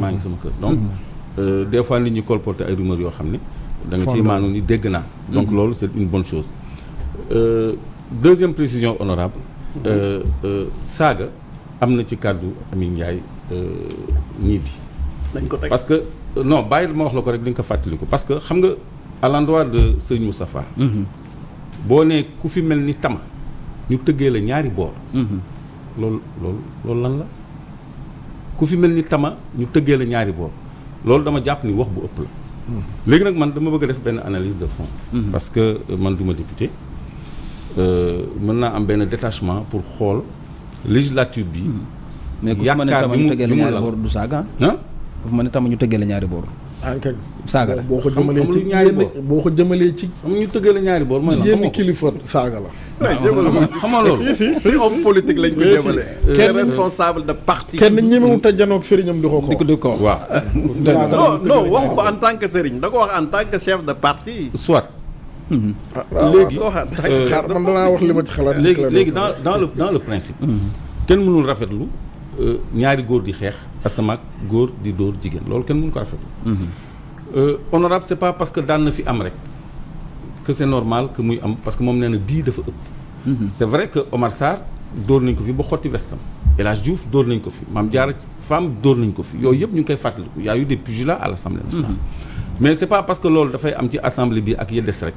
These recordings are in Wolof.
maa ngi sama kër donc mhm. euh, des fois nit ñi colporté ay rumeurs yoo xam ne da nga ciy maanu ni dégg naa donc mhm. loolu c'est une bonne chose euh, deuxième précision honorable mhm. euh, saaga am na ci kàddu Amin Ndiaye ñii bi dañ ko parce que non bàyyi ma wax la ko rek di nga ko fàttaliku parce que xam nga à l'endroit de Serigne Moustapha boo ne ku fi mel ni tama ñu tëggee la ñaari boor loolu loolu lan la ku fi mel ni tama ñu tëggee la ñaari boobu loolu dama jàpp ni wax bu ëpp la. léegi nag man dama bëgg a def benn analyse de fond. Mhm. parce que euh, man du ma député euh, mën naa am benn détachement pour xool législature bi. Mhm. yaakaar bi mu yaakaar bi mu la mais ma ne tama ñu tëggee la ñaari boor du saaga. ah ku fi ma ne tama ñu tëggee la ñaari boor. ah kañ saaga la boo ko jëmalee ci ñaari boor boo ko jëmalee ci. amuñu tëggale ñaari boor mooy la ci yenn kilifa saaga la. xamal loolu si si homme politique lañ ko jëmale. kenn responsable de parti. kenn ñemewut a janoog mm. sëriñam di ko ko. di ko di ko waaw. non non waxu ko en tant que sëriñ da ko wax en tant que chef de parti. soit. Mm-hmm. Ah, ah, léegi euh, xaar man danaa wax li ma ci xalaat. léegi léegi dans dans le dans le principe. Mm-hmm. kenn mënul rafet lu euh, ñaari góor di xeex. asamaak góor di dóor jigéen loolu kenn mënu ko affaire euh, honorable c'est pas parce que daan na fi am rek que c'est normal que muy am parce que moom nee na bii dafa ëpp c'est vrai que Omar Sarr dóor nañ ko fi ba xotti vestam El Hadj Diouf dóor nañ ko fi Mame Diarra Fam dóor nañ ko fi yooyu yëpp ñu ngi koy fàttaliku y a eu des pugilats à l'Assemblée mm-hmm. mais c'est pas parce que loolu dafay am ci assemblée bi ak ya des rek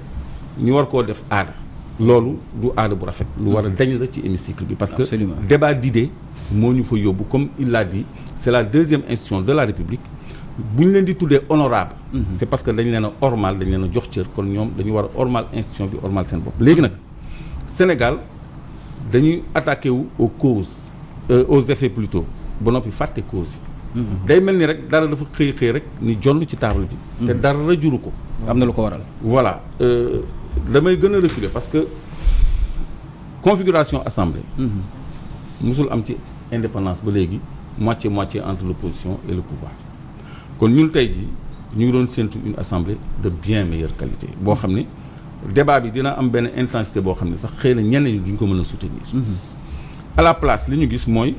ñu war koo def aada loolu du aada bu rafet lu war a dañ la ci hémicycle bi parce que Absolument. débat d'idées moo ñu fa yóbbu comme il l'a dit c'est la deuxième institution de la République bu ñu leen di tuddee honorable mhm. c'est parce que dañ leen a ormal dañ leen a jox cër kon ñoom dañu war a ormal institution bi ormal seen bopp léegi nag Sénégal dañuy attaqué wu aux causes euh, aux effets plutôt ba noppi fàtte causes yi mhm. day mel ni rek dara dafa xëy xëy rek ni jonn ci table bi te mhm. dara juru ko am na lu ko waral voilà euh, damay gën a reculer parce que configuration assemblée. musul am ci indépendance ba léegi moitié moitié entre l'opposition et le pouvoir kon ñun tey ji ñu ngi doon séntu une assemblée de bien meilleure qualité boo xam ne débat bi dina am benn intensité boo xam ne sax xëy na ñenn ñi duñ ko mën a soutenir. Mm-hmm. à la place li ñu gis mooy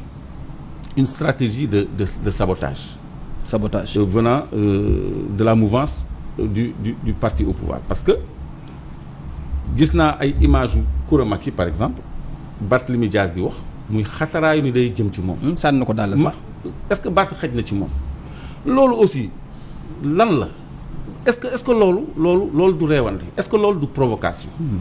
une stratégie de de de sabotage. sabotage euh, venant euh, de la mouvance euh, du du du parti au pouvoir parce que. gis naa ay image yu Koura Macky par exemple barte Barthélemy Dias di wax muy xataraayu ni day jëm ci moom. Hmm, sànni ko daal sax est-ce que Barth xaj na ci moom. loolu aussi lan la est-ce que est-ce que loolu loolu loolu du reewante est-ce que loolu du provocation. Hmm.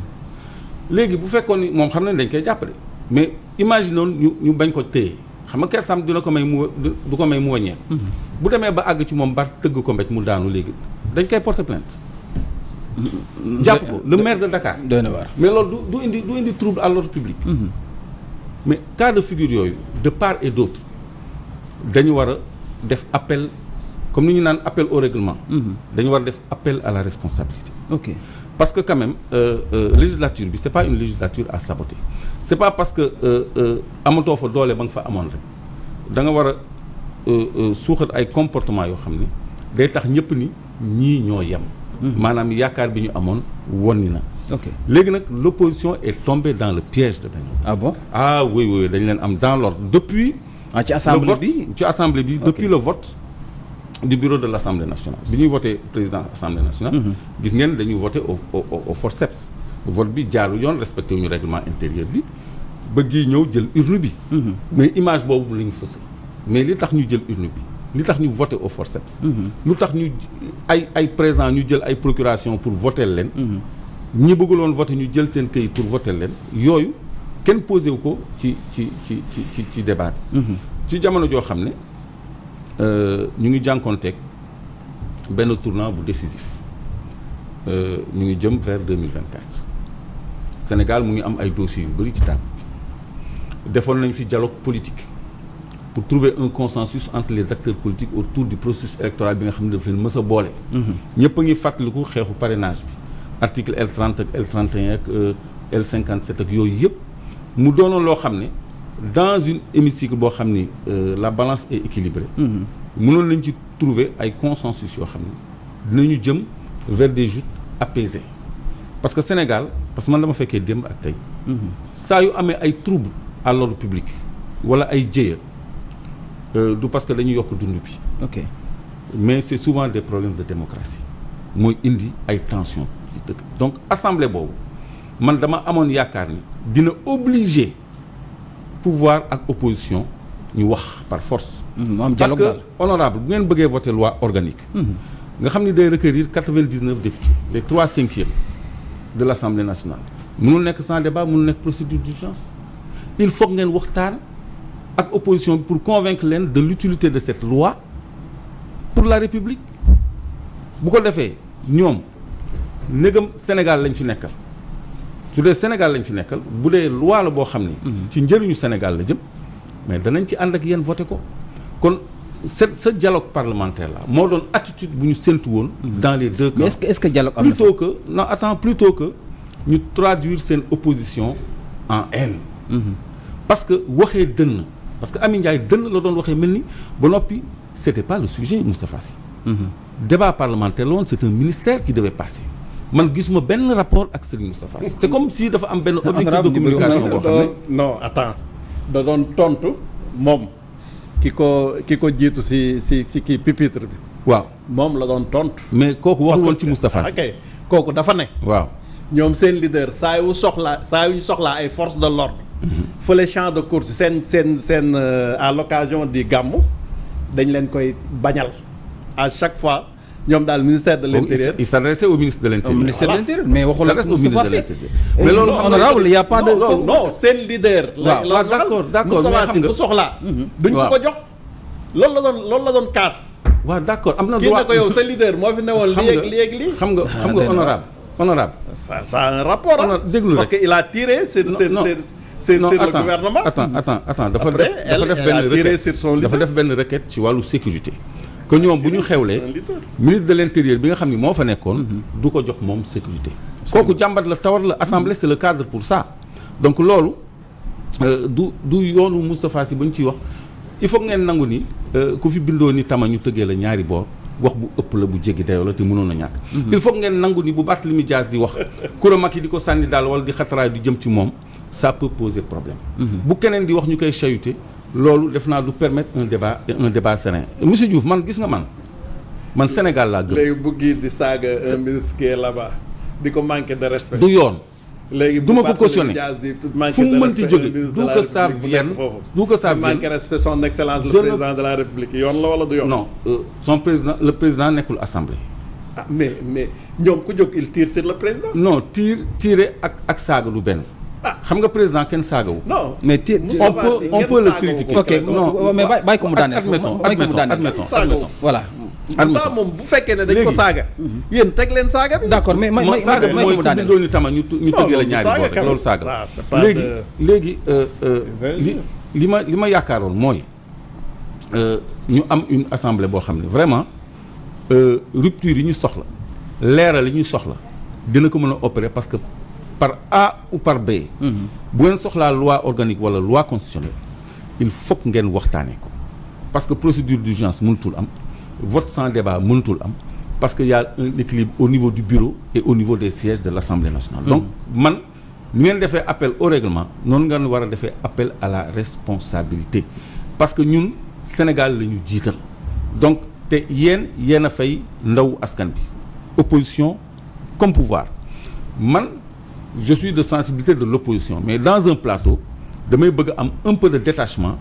léegi bu fekkoon ni moom xam nañ dañ koy jàppale. mais image imagine ñu ñu bañ ko téye xam nga kersam dina ko may mu du ko may mu wàññeeku. Hmm. bu demee ba àgg ci moom Barth tëgg ko mbéj mu daanu léegi dañ koy porter plainte. jàpp ko le maire de Dakar. doy na waar mais loolu du indi du indi trouble à l'ordre public. Mm-hmm. mais cas de figure yooyu de part et d'autre dañu war a def appel comme ni ñu naan appel au règlement. Mm-hmm. dañu war a def appel à la responsabilité. parce que quand même euh, euh, législature bi c'est pas une législature à saboter c'est pas parce que euh, euh, amatoo fa doole ba nga fa amoon rek da nga war a euh, suuxat ay comportement yoo xam ne day tax ñëpp ni ñii ñoo yem. maanaam yaakaar bi ñu amoon wonni na. ok léegi nag l' opposition est tombée dans le piège de Benno. ah bon ah oui dañ leen am dans l'ordre depuis. ah ci assemblée bi ci assemblée bi depuis le vote. du bureau de l' assemblée nationale bi ñuy voté président assemblée nationale. Mhm. gis ngeen dañuy voté au au au forceps. vote bi jaarul yoon respecté wuñu règlement intérieur bi bëgg yi ñëw jël urne bi. Mhm. mais image boobu lañu fësal mais li tax ñu jël urne bi. li tax ñu voté au forceps mhm. lu tax ñu ay ay présent ñu jël ay procuration pour voter leen mhm. ñi bëgguloon voté ñu jël seen këyit pour voter leen yooyu kenn posé wu ko ci ci ci ci ci ci débat mhm. ci jamono joo xam ne euh, ñu ngi jànkoonteeg benn tournant bu décisif euh, ñu ngi jëm vers 2024 Sénégal mu ngi am ay dossiers yu bëri ci table defoon nañu fi dialogue politique pour trouver un consensus entre les acteurs politiques autour du processus électoral bi nga xam ne daf leen mës a boole. Mhm. ñëpp a ngi fàttaliku xeexu parrainage bi. article L ak L euh, L ak yooyu yëpp mu doonoon loo xam ne dans une hémicycle boo xam ni euh, la balance est équilibrée. Mhm. mënoon nañ ci trouver ay consensus yoo xam ne ñu jëm vers des joutes apaisées parce que Sénégal parce que man dama fekkee démb ak tey. Mhm. saa yu amee ay troubles à l'ordre public ay jéeya. Euh, du parce que dañuy yokk dund bi. ok mais c' est souvent des problèmes de démocratie mooy indi ay tensions ci dëkk donc assemblée boobu man dama amoon yaakaar ni dina obligé pouvoir ak opposition ñu wax par force. Mhm, parce que honorable bu ngeen bëggee voter loi organique. Mhm. nga xam ni day requérir quatre-vingt-dix-neuf députés. les trois cinquièmes de l' assemblée nationale. mënul nekk sans débat mënul nekk procédure d' il faut ngeen waxtaan. ak opposition pour convaincre leen de l'utilité de cette loi pour la république bu ko defee ñoom négam Sénégal lañ fi nekkal su dee Sénégal lañ fi nekkal bu dee loi la boo xam ni. Mhm. ci njëriñu Sénégal la jëm mais danañ ci ànd ak yéen voté ko kon. ce ce dialogue parlementaire la moo doon attitude bu ñu séntu woon. Mhm. dans les deux cas mais est-ce que est-ce que dialogue am na plutôt que non attends plutôt que ñu traduire seen opposition en haine. Mhm. que waxee dënn parce que Amy Ndiaye dënn la doon waxee mel ni ba noppi c' était pas le sujet Moustapha Sy mhm. débat parlementaire la woon c' est un ministère qui devait passer man gisuma benn rapport ak Serigne Moustapha Sy c' comme si dafa am benn objectif de communication boo xam ne da doon tontu moom ki ko ki ko jiitu si si si kii pupitre bi waaw moom la doon tontu mais kooku waxul woon ci Moustapha Sy kooku dafa ne waaw ñoom seen leader saa yu soxlaa saa yu soxlaa ay force de l'ordre fële champ de course seen seen seen euh, à l'occasion di gàmmu dañ leen koy bañal à chaque fois ñoom daal ministère de l'intérieur il s'adresse au ministre de l'intérieur mais waxul ak au ministre de l'intérieur mais loolu xam nga bu soxlaa mhm. duñ ko jox loolu la doon loolu la doon kaas waaw d'accord am na droit moo fi xam nga xam nga ah, honorable honorable ça ça a un déglu rek parce que il a tiré c'est c'est c'est le gouvernement attends attends attends dafa def dafa def benn requête dafa def benn requête ci wàllu sécurité que ñoom bu ñu xewlee ministre de l'intérieur bi nga xam ne moo fa nekkoon du ko jox moom sécurité kooku jàmbat la tawar la assemblée c'est le cadre pour ça donc loolu euh, du du yoonu Moustapha Sy ba ñu ciy wax il faut ngeen nangu ni euh, ku fi bindoo ni tama ñu tëggee la ñaari boor wax bu ëpp la bu jéggi dayoo la te mënoon a ñàkk mhm. il faut ngeen nangu ni bu Barthélémy Dias di wax kuréel mag yi di ko sànni daal wala di xatraay du jëm ci moom ça peut poser problème. Mhm. bu keneen di wax ñu koy chahuter loolu def naa du permettre un débat un débat serein monsieur Diouf man gis nga man man Sénégal laa gëm. bu gii di saaga un ministre qui di ko manquer de respect. du yoon. léegi bu ko cautionné fu mu mënti jóge du que ça vienne du que ça vienne manque respect son excellence le président de la république yoon la wala du yoon. non euh, son président le président nekkul assemblée. ah mais mais ñoom ku jóg il tire sur le président. non tir tiire ak ak saaga du benn. xam nga président kenn saagawu. non mais te on peut on peut le critiquer. ok non mais bàyyi ko mu daaneel. admettons admettons admettons voilà. admettons moom bu fekkee ne dañ ko saaga. Mhm. yéen teg leen saaga bi. d' accord mais may may may ko mu daaneel mooy tama ñu ñu tëggee la ñaari boor rek loolu saaga la léegi léegi euh, euh, li li ma li ma yaakaaroon mooy euh, ñu am une assemblée boo xam ne vraiment rupture yi ñu soxla leeral yi ñu soxla dina ko mën a opérer parce que. par A ou par B. Mhm. bu ngeen soxlaa loi organique wala loi constitutionnelle il faut ngeen waxtaanee ko parce que procédure d'urgence munutul am vote sans débat mënutul am parce que y a un équilibre au niveau du bureau et au niveau des sièges de l'Assemblée nationale. donc mhm. man ni ngeen defee appel au réglement noonu ngeen war a defee appel à la responsabilité parce que ñun Sénégal la ñu jiital donc te yéen yéen a fay ndaw askan bi opposition comme pouvoir je suis de sensibilité de l'opposition mais dans un plateau damay bëgg am un peu de détachement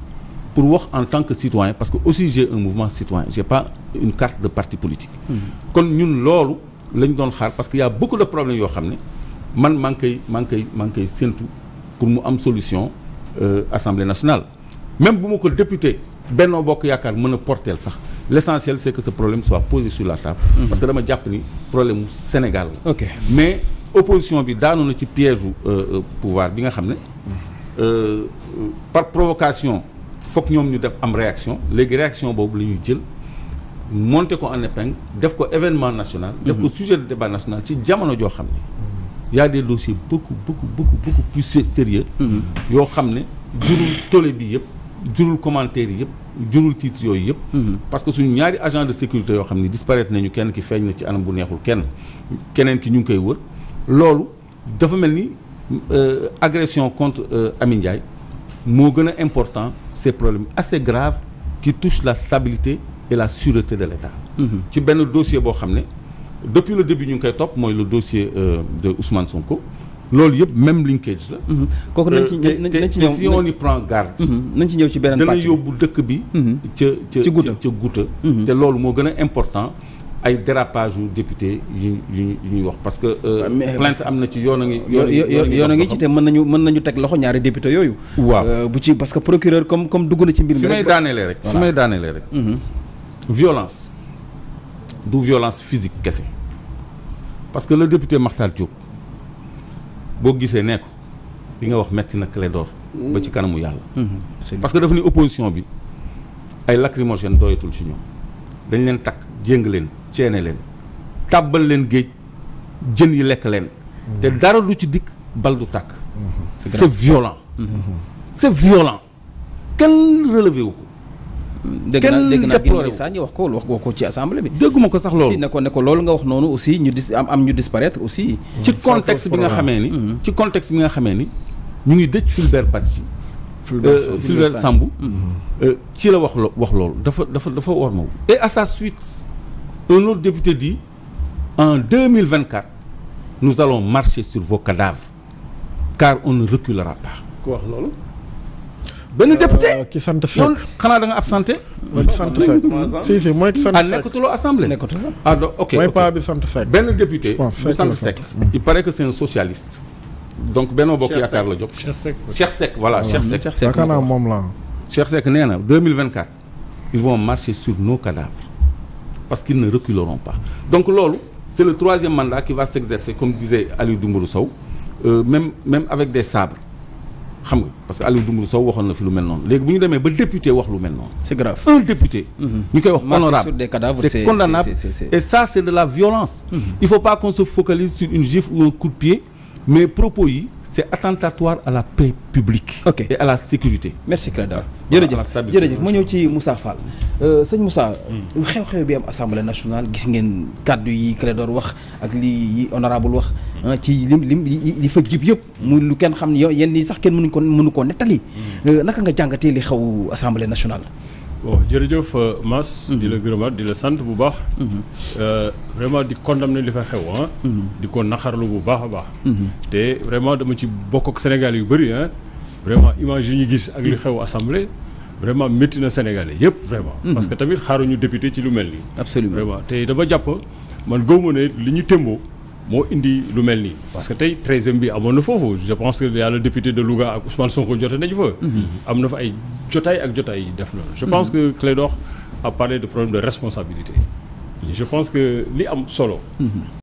pour wax en tant que citoyen parce que aussi j'ai un mouvement citoyen j'ai pas une carte de parti politique mm-hmm. kon ñun loolu lañ doon xaar parce que y a beaucoup de problèmes yoo xam ne man man ngi koy maa ngi koy ngi koy séntu pour mu am solution euh, assemblée nationale même bu ma ko député Benno Bokk Yaakaar mën a porteel sax l'essentiel c'est que ce problème soit posé sur la table mm-hmm. parce que dama jàpp ni problème mu Sénégal la opposition bi daanu na ci piège u euh, euh, pouvoir bi nga xam ne euh, par provocation foog ñoom ñu def am réaction léegi réaction boobu la ñuy jël monter ko en épingle def ko événement national def ko mhm. sujet de débat national ci jamono joo xam ne y a des dossiers beaucoup beaucoup beaucoup beaucoup plus sérieux mhm. yoo xam ne jurul tole bi yëpp jurul commentaire yëpp jurul titre yooyu yëpp mhm. parce que suñu ñaari agent de sécurité yoo xam ne disparaître nañu kenn ki feeñ na ci anam bu neexul kenn keneen ki ñu ngi koy wër loolu dafa mel ni euh, agression contre euh, Amine Ndiaye moo gën a important ces problèmes assez graves qui touchent la stabilité et la sureté de l'État mm-hmm. ci benn dossier boo xam ne depuis le début ñu ngi koy topp mooy le dossier euh, de Ousmane Sonko loolu yëpp même linkage la. Mm-hmm. kooku nañ ci nañ ci ñëw si prend garde. Mm-hmm. nañ ci ñëw ci beneen pàcc dana yóbbu dëkk bi. ca ca ca goutte. te loolu moo gën a important. ay dérapage yu député yu yu ñuy wax parce que. Euh, plainte am na ci yoon a ngi. yoon ngi ci te mën nañu mën nañu teg loxo ñaari député yooyu. waaw euh, bu ci parce que procureur comme comme dugg na ci mbir mi. fi may daanelee rek fi may daanelee rek. Mhm. violence du violence physique kese parce que le député Makhtar Diop boo gisee nee ko li nga wax metti na Clédor ba ci kanamu yàlla. Mhm. parce que dafa ni opposition bi ay lacrymogène doyatul ci ñoom dañ leen takk. jéng leen ceene leen tàbbal leen géej jën yi lekk leen te dara lu ci dikk bal du tàkk c'est violent c'est violent kenn relevé wu ko kenn dégg naa dégg naa ñu wax ko wax ko ci assemblée bi. dégguma ko sax loolu si ne ko ne ko loolu nga wax noonu aussi ñu dis am am ñu disparaître aussi. ci contexte bi nga xamee ni. Mm-hmm. ci contexte bi nga xamee ni ñu ngi dëj Fulbert Badji. Fulbert euh, Sambou mm-hmm. euh, ci la wax lo wax loolu dafa dafa dafa war ma et à sa suite. un autre député dit en 2024 nous allons marcher sur vos cadavres car on ne reculera pas. ku wax loolu. benn euh, député ki sant Seck xanaa da nga absenté. mooy sant Seck si si mooy ki sant ah, Seck ah nekkatuloo assemblée. nekkatuloo ah ok sant benn député bu sant Seck il paraît que c'est un socialiste. donc Benno Bokk Yaakaar la jóg. Cheikh Seck Cheikh Seck voilà Cheikh Seck. yaakaar naa moom la Cheikh Seck nee na 2024 ils vont marcher sur nos cadavres. parce qu'ils ne reculeront pas donc loolu c'est le troisième mandat qui va s'exercer comme disait Aliou Dembourou Sow euh, même avec des sabres xam nga parce que Aliou Dembourou Sow waxoon na fi lu mel noonu léegi bu ñu demee ba député wax lu mel noonu. c'est grave un député. ñu mhm. koy wax honorable c'est condamnable c'est, c'est, et ça c'est de la violence. Mm -hmm. il faut pas qu'on se focalise sur une gifle ou un coup de pied mais propos yi. c'est attentatoire à la paix publique. ok et à la sécurité. merci Clédor jërëjëf jërëjëf ma ñëw ci Moussa Fall. Euh, sëñ musa hmm. xew-xew bi am assemblée nationale gis ngeen kàddu yi Clédor wax ak li yi honorable wax. Hmm. Ah, ci lim lim li fa jib yëpp. Hmm. mu lu kenn xam ne yenn yi sax kenn mënu ko mënu koo nettali. Euh, naka nga jàngatee li xew assemblée nationale. bon jërëjëf euh, Mass mm-hmm. di la gërëmaat di la sant bu baax mm-hmm. euh, vraiment di condamner li fa xew ah mm-hmm. di ko naxarlu bu baax a baax te vraiment dama ci bokk ak Sénégal yu bëri ah vraiment image yu ñu gis ak li xew assemblée vraiment metti na Sénégalais yëpp vraiment parce que tamit xaaruñu député ci lu mel nii absolument vraiment te dama jàpp man gëwuma ne li ñu témboo moo indi lu mel nii parce que tey treizième bi amoon na foofu je pense que yàlla député de Louga ak Ousmane Sonko jote nañu fa. Mm-hmm. am na fa ay jotaay ak jotaay yi def loolu. je pense que mm-hmm. Clédor a parlé de problème de responsabilité. Mm-hmm. je pense que li am solo.